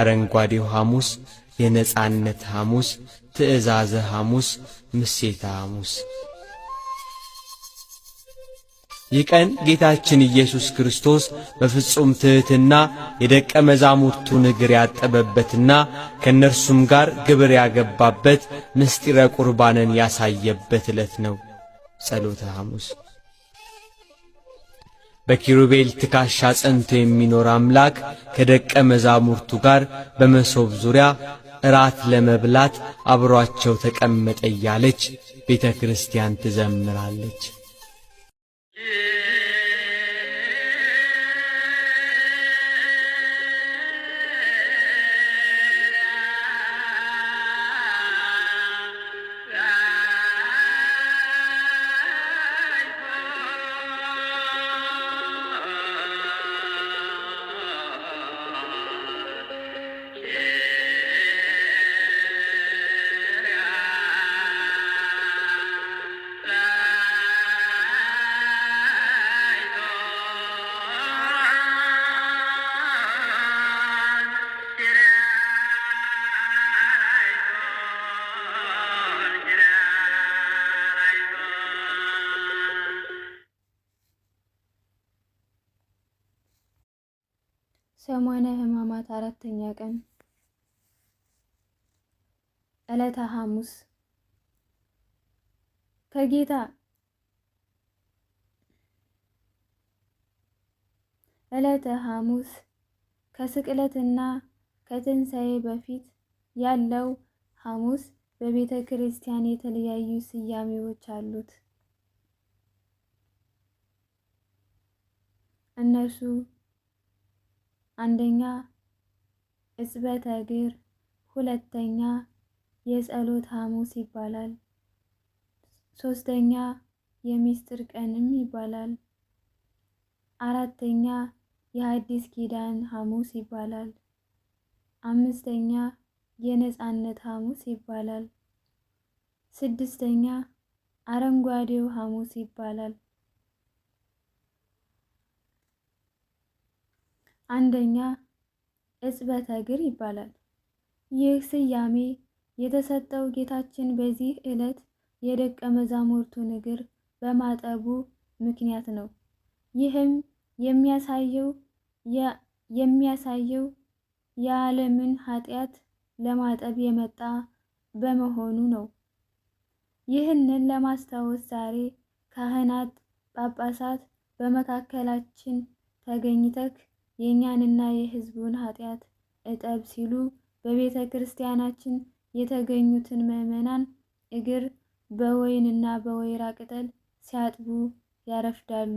አረንጓዴው ሐሙስ፣ የነጻነት ሐሙስ፣ ትእዛዘ ሐሙስ፣ ምሴተ ሐሙስ። ይህ ቀን ጌታችን ኢየሱስ ክርስቶስ በፍጹም ትሕትና የደቀ መዛሙርቱን እግር ያጠበበትና ከእነርሱም ጋር ግብር ያገባበት ምስጢረ ቁርባንን ያሳየበት ዕለት ነው። ጸሎተ ሐሙስ በኪሩቤል ትካሻ ጸንቶ የሚኖር አምላክ ከደቀ መዛሙርቱ ጋር በመሶብ ዙሪያ እራት ለመብላት አብሯቸው ተቀመጠ እያለች ቤተ ክርስቲያን ትዘምራለች። ሰሞነ ሕማማት አራተኛ ቀን ዕለተ ሐሙስ ከጌታ ዕለተ ሐሙስ ከስቅለትና ከትንሣኤ በፊት ያለው ሐሙስ በቤተ ክርስቲያን የተለያዩ ስያሜዎች አሉት። እነርሱ አንደኛ እጽበተ እግር፣ ሁለተኛ የጸሎት ሐሙስ ይባላል። ሶስተኛ የሚስጥር ቀንም ይባላል። አራተኛ የአዲስ ኪዳን ሐሙስ ይባላል። አምስተኛ የነጻነት ሐሙስ ይባላል። ስድስተኛ አረንጓዴው ሐሙስ ይባላል። አንደኛ እጽበተ እግር ይባላል። ይህ ስያሜ የተሰጠው ጌታችን በዚህ ዕለት የደቀ መዛሙርቱን እግር በማጠቡ ምክንያት ነው። ይህም የሚያሳየው የሚያሳየው የዓለምን ኃጢአት ለማጠብ የመጣ በመሆኑ ነው። ይህንን ለማስታወስ ዛሬ ካህናት፣ ጳጳሳት በመካከላችን ተገኝተክ የእኛንና የሕዝቡን ኃጢአት እጠብ ሲሉ በቤተ ክርስቲያናችን የተገኙትን ምዕመናን እግር በወይንና በወይራ ቅጠል ሲያጥቡ ያረፍዳሉ።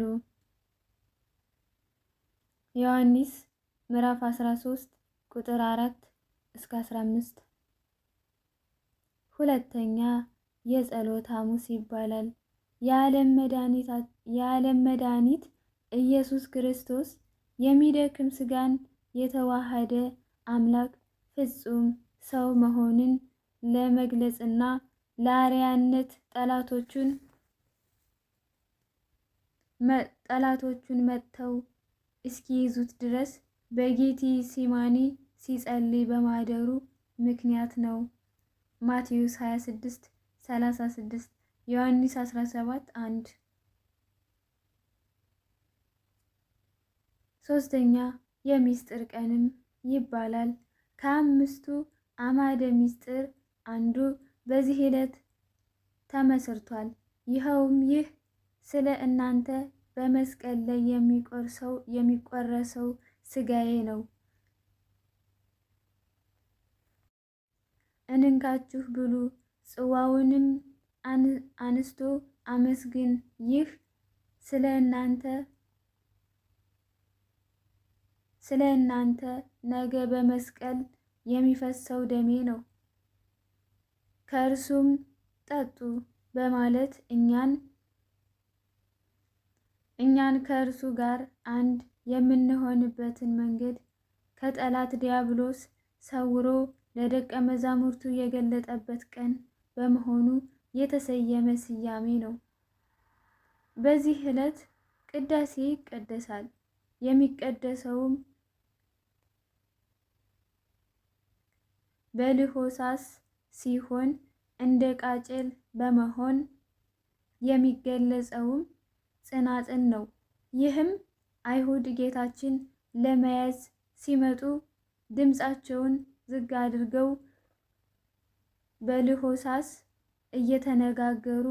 ዮሐንስ ምዕራፍ 13 ቁጥር 4 እስከ 15። ሁለተኛ የጸሎት ሐሙስ ይባላል። የዓለም መድኃኒት ኢየሱስ ክርስቶስ የሚደክም ስጋን የተዋሃደ አምላክ ፍጹም ሰው መሆንን ለመግለጽና ለአርያነት ጠላቶቹን ጠላቶቹን መጥተው እስኪይዙት ድረስ በጌቲ ሲማኒ ሲጸልይ በማደሩ ምክንያት ነው። ማቴዎስ 26 36 ዮሐንስ 17 1 ሶስተኛ የሚስጥር ቀንም ይባላል። ከአምስቱ አማደ ሚስጥር አንዱ በዚህ ዕለት ተመስርቷል። ይኸውም ይህ ስለ እናንተ በመስቀል ላይ የሚቆረሰው ስጋዬ ነው፣ እንንካችሁ ብሉ፣ ጽዋውንም አንስቶ አመስግን፣ ይህ ስለ እናንተ ስለ እናንተ ነገ በመስቀል የሚፈሰው ደሜ ነው፣ ከእርሱም ጠጡ በማለት እኛን እኛን ከእርሱ ጋር አንድ የምንሆንበትን መንገድ ከጠላት ዲያብሎስ ሰውሮ ለደቀ መዛሙርቱ የገለጠበት ቀን በመሆኑ የተሰየመ ስያሜ ነው። በዚህ ዕለት ቅዳሴ ይቀደሳል። የሚቀደሰውም በልሆሳስ ሲሆን እንደ ቃጭል በመሆን የሚገለጸውም ጽናጽን ነው። ይህም አይሁድ ጌታችን ለመያዝ ሲመጡ ድምፃቸውን ዝግ አድርገው በልሆሳስ እየተነጋገሩ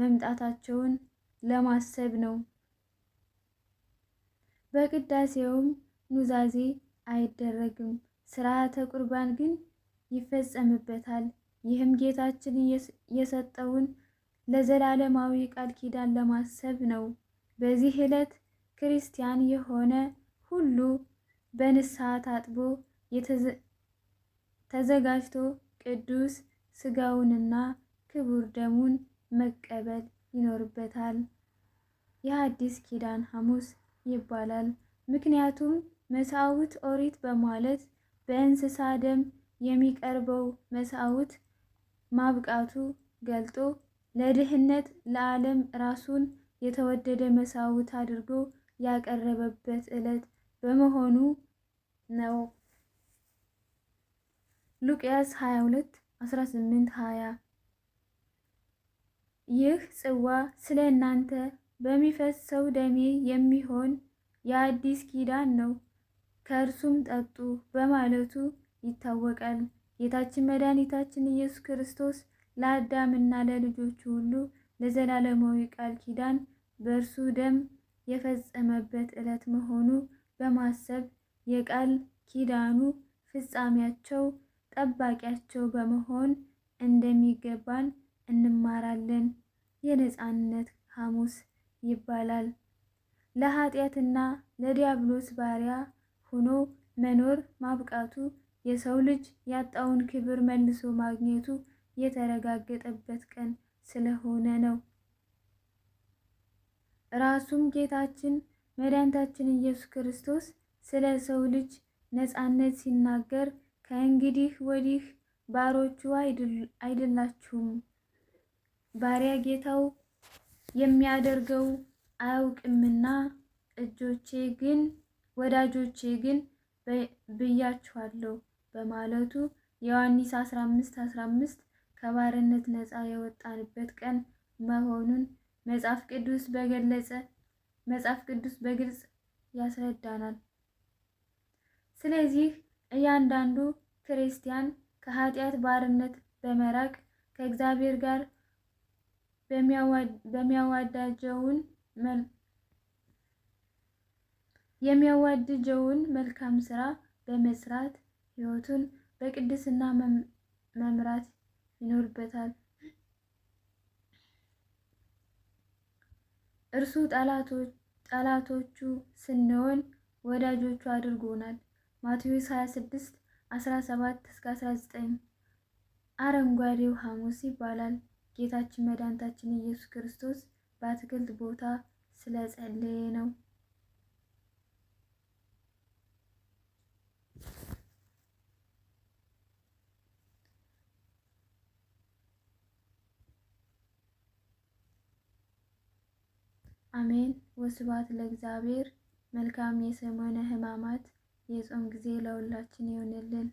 መምጣታቸውን ለማሰብ ነው። በቅዳሴውም ኑዛዜ አይደረግም። ስርዓተ ቁርባን ግን ይፈጸምበታል። ይህም ጌታችን የሰጠውን ለዘላለማዊ ቃል ኪዳን ለማሰብ ነው። በዚህ ዕለት ክርስቲያን የሆነ ሁሉ በንስሐ ታጥቦ ተዘጋጅቶ ቅዱስ ሥጋውንና ክቡር ደሙን መቀበል ይኖርበታል። የአዲስ ኪዳን ሐሙስ ይባላል። ምክንያቱም መስዋዕት ኦሪት በማለት በእንስሳ ደም የሚቀርበው መስዋዕት ማብቃቱ ገልጦ ለድህነት ለዓለም ራሱን የተወደደ መስዋዕት አድርጎ ያቀረበበት ዕለት በመሆኑ ነው። ሉቅያስ 22 18 20 ይህ ጽዋ ስለ እናንተ በሚፈሰው ደሜ የሚሆን የአዲስ ኪዳን ነው፣ ከእርሱም ጠጡ በማለቱ ይታወቃል። ጌታችን መድኃኒታችን ኢየሱስ ክርስቶስ ለአዳምና ለልጆቹ ሁሉ ለዘላለማዊ ቃል ኪዳን በእርሱ ደም የፈጸመበት ዕለት መሆኑ በማሰብ የቃል ኪዳኑ ፍጻሜያቸው ጠባቂያቸው በመሆን እንደሚገባን እንማራለን። የነፃነት ሐሙስ ይባላል። ለኃጢአትና ለዲያብሎስ ባሪያ ሆኖ መኖር ማብቃቱ የሰው ልጅ ያጣውን ክብር መልሶ ማግኘቱ የተረጋገጠበት ቀን ስለሆነ ነው። ራሱም ጌታችን መድኃኒታችን ኢየሱስ ክርስቶስ ስለ ሰው ልጅ ነፃነት ሲናገር ከእንግዲህ ወዲህ ባሮቹ አይደላችሁም፣ ባሪያ ጌታው የሚያደርገው አያውቅምና እጆቼ ግን ወዳጆቼ ግን ብያችኋለሁ በማለቱ ዮሐንስ 15 15 ከባርነት ነፃ የወጣንበት ቀን መሆኑን መጽሐፍ ቅዱስ በገለጸ መጽሐፍ ቅዱስ በግልጽ ያስረዳናል። ስለዚህ እያንዳንዱ ክርስቲያን ከኃጢአት ባርነት በመራቅ ከእግዚአብሔር ጋር በሚያዋዳጀውን የሚያዋድጀውን መልካም ስራ በመስራት ሕይወቱን በቅድስና መምራት ይኖርበታል። እርሱ ጠላቶቹ ስንሆን ወዳጆቹ አድርጎናል። ማቴዎስ 26 17-19 አረንጓዴው ሐሙስ ይባላል። ጌታችን መድኃኒታችን ኢየሱስ ክርስቶስ በአትክልት ቦታ ስለጸለየ ነው። አሜን። ወስባት ለእግዚአብሔር። መልካም የሰሙነ ሕማማት የጾም ጊዜ ለሁላችን ይሆንልን።